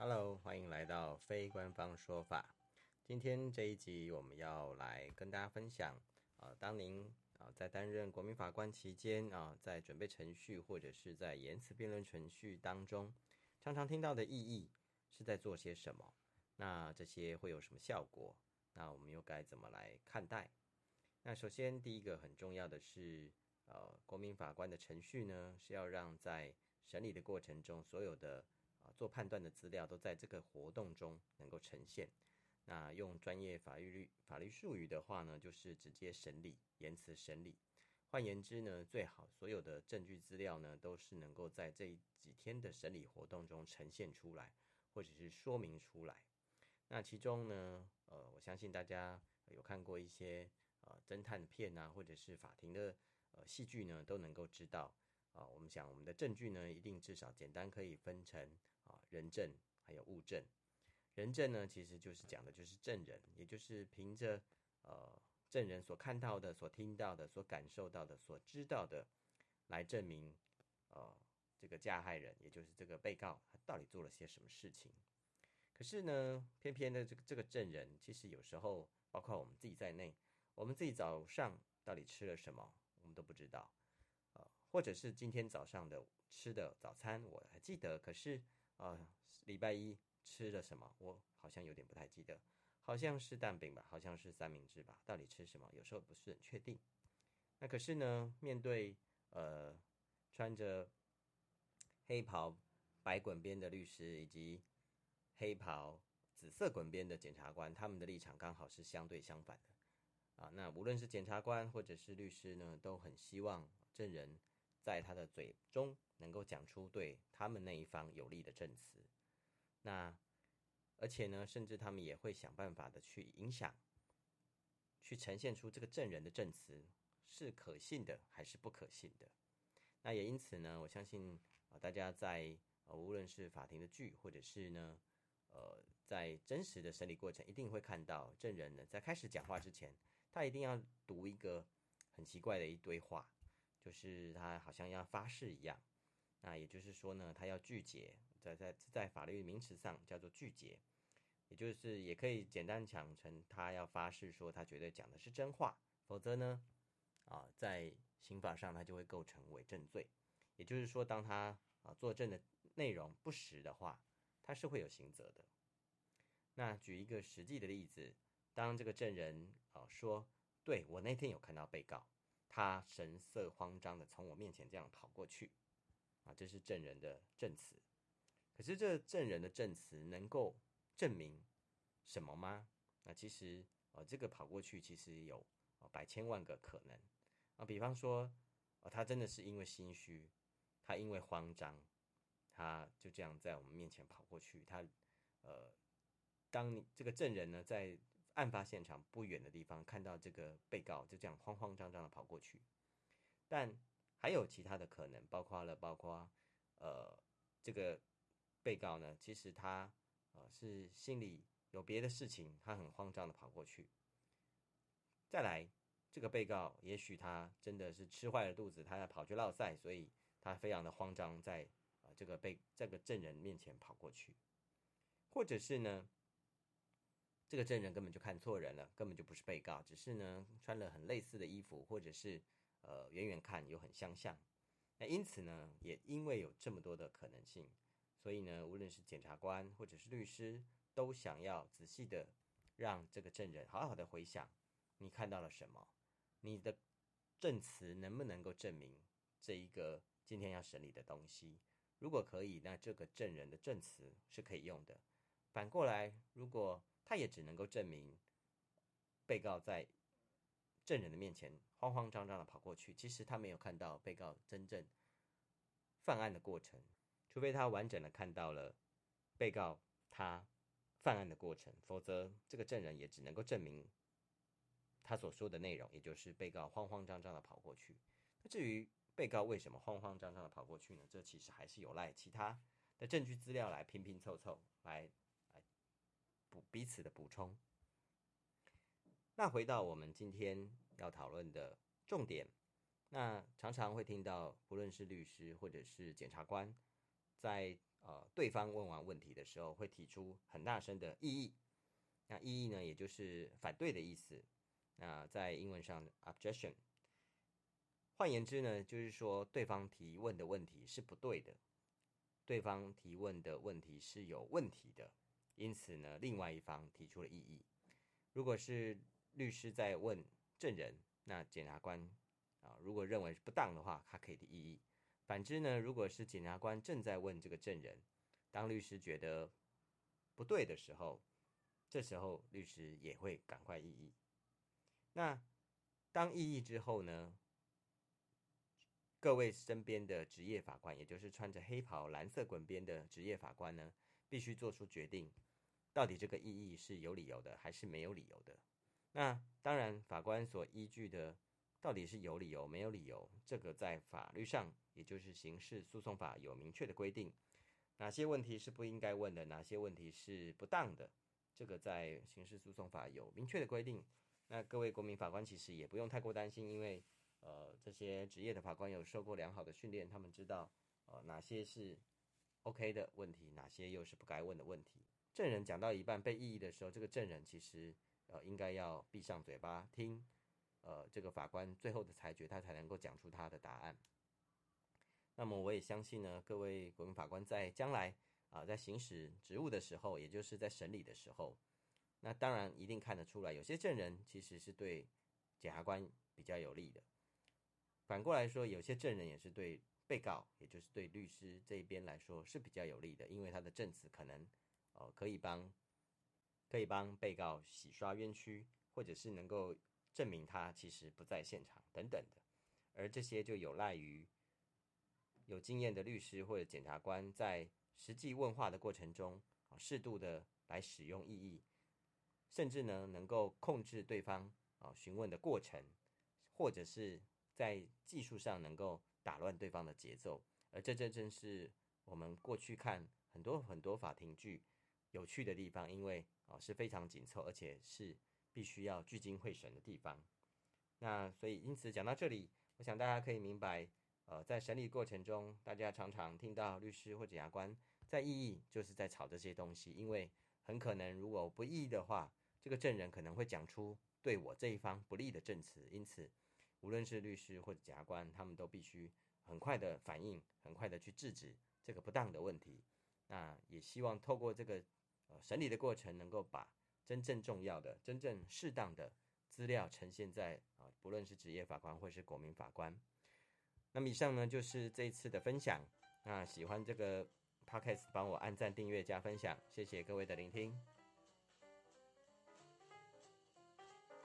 Hello，歡迎來到非官方說法。今天這一集，我們要來跟大家分享呃，當您啊、呃、在擔任國民法官期間啊、呃，在準備程序或者是在言辭辯論程序當中，常常聽到的異議是在做些什麼？那這些會有什麼效果？那我們又該怎麼來看待？那首先第一個很重要的是，呃，國民法官的程序呢是要讓在審理的過程中所有的。做判斷的資料都在這個活動中能夠呈現。那用專業法律律法律術語的話呢，就是直接審理、言辭審理。換言之呢，最好所有的證據資料呢，都是能夠在這幾天的審理活動中呈現出來，或者是說明出來。那其中呢，呃，我相信大家有看過一些呃偵探片啊，或者是法庭的呃戲劇呢，都能夠知道。啊，我們想我們的證據呢，一定至少簡單可以分成啊，人證還有物證。人證呢，其實就是講的就是證人，也就是憑着呃證人所看到的、所聽到的、所感受到的、所知道的來證明呃這個加害人，也就是這個被告他到底做了些什麼事情。可是呢，偏偏的這個這個證人，其實有時候包括我們自己在內，我們自己早上到底吃了什麼，我們都不知道。或者是今天早上的吃的早餐我還記得，可是啊，呃、禮拜一吃了什麼我好像有點不太記得，好像是蛋餅吧，好像是三明治吧，到底吃什麼有時候不是很確定。那可是呢，面對呃穿着黑袍白滾邊的律師以及黑袍紫色滾邊的檢察官，他們的立場剛好是相對相反的啊。那無論是檢察官或者是律師呢，都很希望證人。在他的嘴中能夠講出對他們那一方有利的證詞，那而且呢，甚至他們也會想辦法的去影響，去呈現出這個證人的證詞是可信的還是不可信的。那也因此呢，我相信啊、呃，大家在呃無論是法庭的劇，或者是呢呃在真實的審理過程，一定會看到證人呢在開始講話之前，他一定要讀一個很奇怪的一堆話。就是他好像要發誓一樣，那也就是說呢，他要具結，在在在法律名詞上叫做具結，也就是也可以簡單講成他要發誓說他絕對講的是真話，否則呢，啊，在刑法上他就會構成偽證罪。也就是說，當他啊作證的內容不實的話，他是會有刑責的。那舉一個實際的例子，當這個證人啊說，對我那天有看到被告。他神色慌張的從我面前這樣跑過去，啊，這是證人的證詞。可是這證人的證詞能夠證明什麼嗎？那其實，呃，哦，這個跑過去其實有，哦，百千萬個可能。啊，比方說，哦，他真的是因為心虛，他因為慌張，他就這樣在我們面前跑過去。他，呃，當你這個證人呢，在。案發現場不遠的地方，看到這個被告就這樣慌慌張張的跑過去。但還有其他的可能，包括了，包括呃，這個被告呢，其實他呃是心裡有別的事情，他很慌張的跑過去。再來，這個被告也許他真的是吃壞了肚子，他要跑去落賽，所以他非常的慌張在，在、呃、這個被這個證人面前跑過去，或者是呢，這個證人根本就看錯人了，根本就不是被告，只是呢穿了很類似的衣服，或者是呃遠遠看又很相像。那因此呢，也因為有這麼多的可能性，所以呢，無論是檢察官或者是律師，都想要仔細的讓這個證人好好的回想你看到了什麼，你的證詞能不能夠證明這一個今天要審理的東西？如果可以，那這個證人的證詞是可以用的。反過來，如果他也只能夠證明被告在證人的面前慌慌張張的跑過去，其實他沒有看到被告真正犯案的過程，除非他完整的看到了被告他犯案的過程，否則這個證人也只能夠證明他所說的內容，也就是被告慌慌張張的跑過去。那至於被告為什麼慌慌張張的跑過去呢？這其實還是有賴其他的證據資料來拼拼湊湊來。補彼此的補充。那回到我們今天要討論的重點，那常常會聽到不論是律師或者是檢察官，在呃對方問完問題的時候，會提出很大聲的異議。那異議呢，也就是反對的意思。那在英文上，objection。換言之呢，就是說對方提問的問題是不對的，對方提問的問題是有問題的。因此呢，另外一方提出了異議。如果是律師在問證人，那檢察官啊，如果認為是不當的話，他可以提異議。反之呢，如果是檢察官正在問這個證人，當律師覺得不對的時候，這時候律師也會趕快異議。那當異議之後呢，各位身邊的職業法官，也就是穿着黑袍、藍色滾邊的職業法官呢，必須做出決定。到底這個異議是有理由的還是沒有理由的？那當然，法官所依據的到底是有理由沒有理由，這個在法律上，也就是刑事訴訟法有明確的規定。哪些問題是不應該問的，哪些問題是不當的，這個在刑事訴訟法有明確的規定。那各位國民法官其實也不用太過擔心，因為呃，這些職業的法官有受過良好的訓練，他們知道呃哪些是 OK 的問題，哪些又是不該問的問題。證人講到一半被異議的時候，這個證人其實呃應該要閉上嘴巴聽，呃，這個法官最後的裁決，他才能夠講出他的答案。那麼我也相信呢，各位國民法官在將來啊，呃，在行使職務的時候，也就是在審理的時候，那當然一定看得出來，有些證人其實是對檢察官比較有利的，反過來說，有些證人也是對被告，也就是對律師這一邊來說是比較有利的，因為他的證詞可能。哦，可以幫，可以幫被告洗刷冤屈，或者是能夠證明他其實不在現場等等的，而這些就有賴於有經驗的律師或者檢察官在實際問話的過程中，啊、哦，適度的來使用異議，甚至呢，能夠控制對方啊、哦，詢問的過程，或者是在技術上能夠打亂對方的節奏，而這這正是我們過去看很多很多法庭劇，有趣的地方，因為哦，是非常緊湊，而且是必須要聚精會神的地方。那所以因此講到這裡，我想大家可以明白，呃，在審理過程中，大家常常聽到律師或者檢察官在異議，就是在吵這些東西，因為很可能如果不異議的話，這個證人可能會講出對我這一方不利的證詞。因此，無論是律師或者檢察官，他們都必須很快的反應，很快的去制止這個不當的問題。那也希望透過這個。呃，審理的過程能夠把真正重要的、真正適當的資料呈現在啊、呃，不論是職業法官或是國民法官。那麼以上呢，就是這一次的分享。那喜歡這個 podcast，幫我按讚、訂閱、加分享，謝謝各位的聆聽。